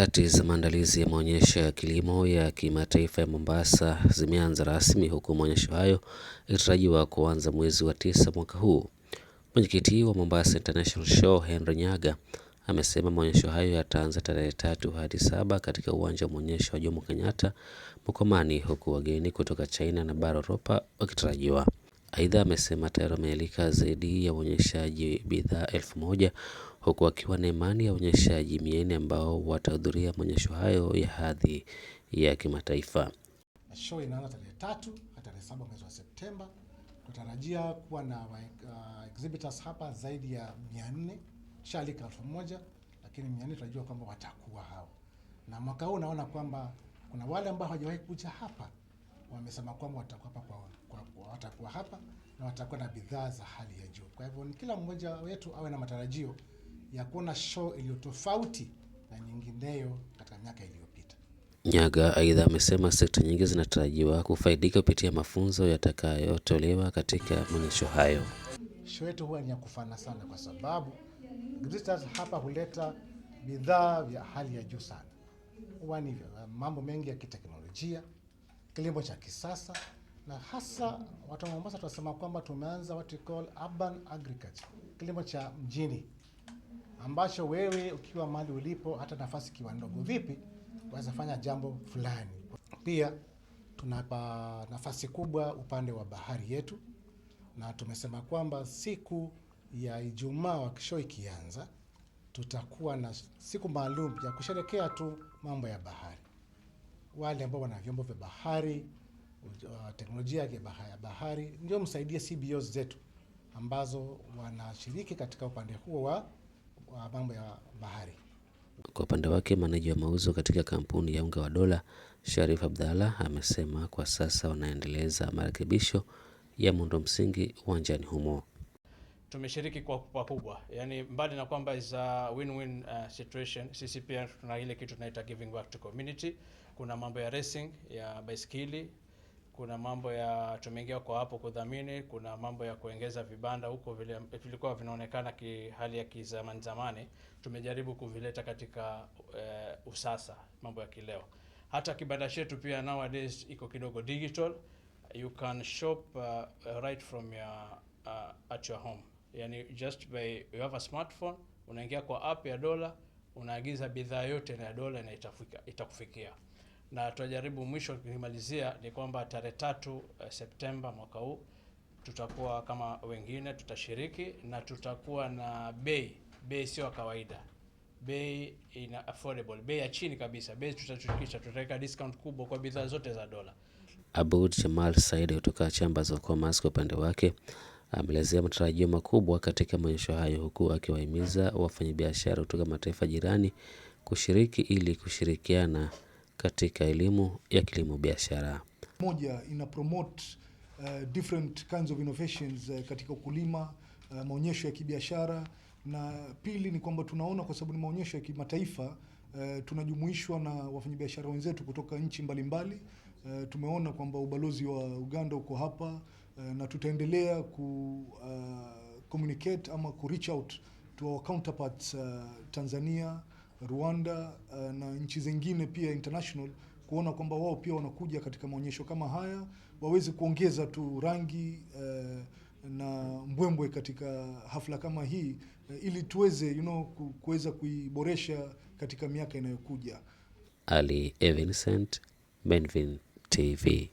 Harakati za maandalizi ya maonyesho ya kilimo ya kimataifa ya Mombasa zimeanza rasmi huku maonyesho hayo yakitarajiwa kuanza mwezi wa tisa mwaka huu. Mwenyekiti wa Mombasa International Show Henry Nyaga amesema maonyesho hayo yataanza tarehe tatu hadi saba katika uwanja wa maonyesho wa Jomo Kenyatta Mkomani, huku wageni kutoka China na bara Europa wakitarajiwa. Aidha, amesema tayari wamealika zaidi ya uonyeshaji bidhaa elfu moja huku akiwa na imani ya onyeshaji mieni ambao watahudhuria maonyesho hayo ya hadhi ya kimataifa. show inaanza tarehe tatu hadi tarehe saba mwezi wa Septemba. Tunatarajia kuwa na uh, exhibitors hapa zaidi ya 400 shalika elfu moja lakini 400 tunajua kwamba watakuwa hao, na mwaka huu naona kwamba kuna wale ambao hawajawahi kuja hapa wamesema kwamba watakuwa hapa, kwa, kwa, kwa, watakuwa hapa na watakuwa na bidhaa za hali ya juu. Kwa hivyo kila mmoja wetu awe na matarajio ya kuona show iliyo tofauti na nyingineyo katika miaka iliyopita. Nyaga aidha amesema sekta nyingi zinatarajiwa kufaidika kupitia mafunzo yatakayotolewa katika maonyesho hayo. Show yetu huwa ni ya kufana sana, kwa sababu visitors hapa huleta bidhaa vya hali ya juu sana, huwa ni mambo mengi ya kiteknolojia, kilimo cha kisasa na hasa watu wa Mombasa tunasema kwamba tumeanza what we call urban agriculture, kilimo cha mjini ambacho wewe ukiwa mali ulipo, hata nafasi ikiwa ndogo vipi, waweza fanya jambo fulani. Pia tunapa nafasi kubwa upande wa bahari yetu, na tumesema kwamba siku ya Ijumaa wakisho ikianza, tutakuwa na siku maalum ya kusherekea tu mambo ya bahari. Wale ambao wana vyombo vya bahari, uh, teknolojia ya bahari, ndio msaidie CBOs zetu ambazo wanashiriki katika upande huo wa wa mambo ya bahari. Kwa upande wake maneja wa mauzo katika kampuni ya unga wa Dola, Sharif Abdallah amesema kwa sasa wanaendeleza marekebisho ya muundo msingi uwanjani humo. Tumeshiriki kwa pakubwa, yani mbali na kwamba is a win-win uh, situation, sisi pia tuna ile kitu tunaita giving back to community. Kuna mambo ya racing ya baiskeli kuna mambo ya tumeingia kwa hapo kudhamini, kuna mambo ya kuongeza vibanda huko vile vilikuwa vinaonekana hali ya kizamani zamani, tumejaribu kuvileta katika eh, usasa mambo ya kileo. Hata kibanda chetu pia nowadays iko kidogo digital, you can shop uh, uh right from your uh, at your home, yani just by you have a smartphone, unaingia kwa app ya dola, unaagiza bidhaa yote na dola na itakufikia na tutajaribu mwisho kimalizia ni kwamba tarehe tatu eh, Septemba mwaka huu tutakuwa kama wengine tutashiriki na tutakuwa na bei bei sio kawaida bei ina affordable bei ya chini kabisa bei tutashirikisha tutaweka discount kubwa kwa bidhaa zote za dola Abud Jamal Said kutoka Chambers of Commerce kwa upande wake ameelezea matarajio makubwa katika maonyesho hayo huku akiwahimiza wafanyabiashara kutoka mataifa jirani kushiriki ili kushirikiana katika elimu ya kilimo biashara. Moja ina promote uh, different kinds of innovations uh, katika ukulima uh, maonyesho ya kibiashara, na pili ni kwamba tunaona kwa sababu ni maonyesho ya kimataifa uh, tunajumuishwa na wafanyabiashara wenzetu kutoka nchi mbalimbali uh, tumeona kwamba ubalozi wa Uganda uko hapa uh, na tutaendelea ku uh, communicate ama ku reach out to our counterparts uh, Tanzania Rwanda uh, na nchi zingine pia international kuona kwamba wao pia wanakuja katika maonyesho kama haya waweze kuongeza tu rangi uh, na mbwembwe katika hafla kama hii uh, ili tuweze you know, kuweza kuiboresha katika miaka inayokuja. Ali Evincent, Benvin TV.